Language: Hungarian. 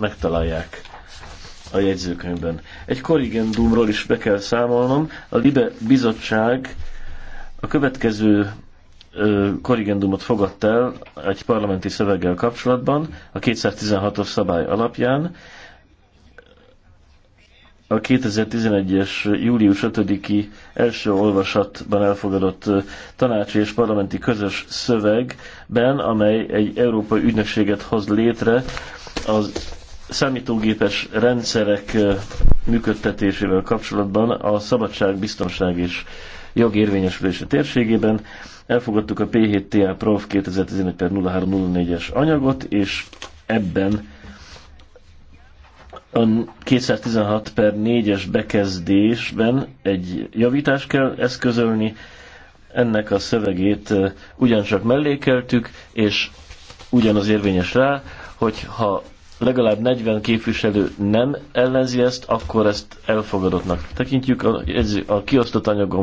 megtalálják a jegyzőkönyvben. Egy korrigendumról is be kell számolnom. A Libe Bizottság a következő korrigendumot fogadt el egy parlamenti szöveggel kapcsolatban, a 216-os szabály alapján. A 2011-es július 5-i első olvasatban elfogadott tanácsi és parlamenti közös szövegben, amely egy európai ügynökséget hoz létre az számítógépes rendszerek működtetésével kapcsolatban a szabadság, biztonság és jog érvényesülése térségében elfogadtuk a P7TA Prof 2011-0304-es anyagot, és ebben a 216 per 4-es bekezdésben egy javítást kell eszközölni, ennek a szövegét ugyancsak mellékeltük, és ugyanaz érvényes rá, hogy ha legalább 40 képviselő nem ellenzi ezt, akkor ezt elfogadottnak tekintjük. A, a kiosztott anyagon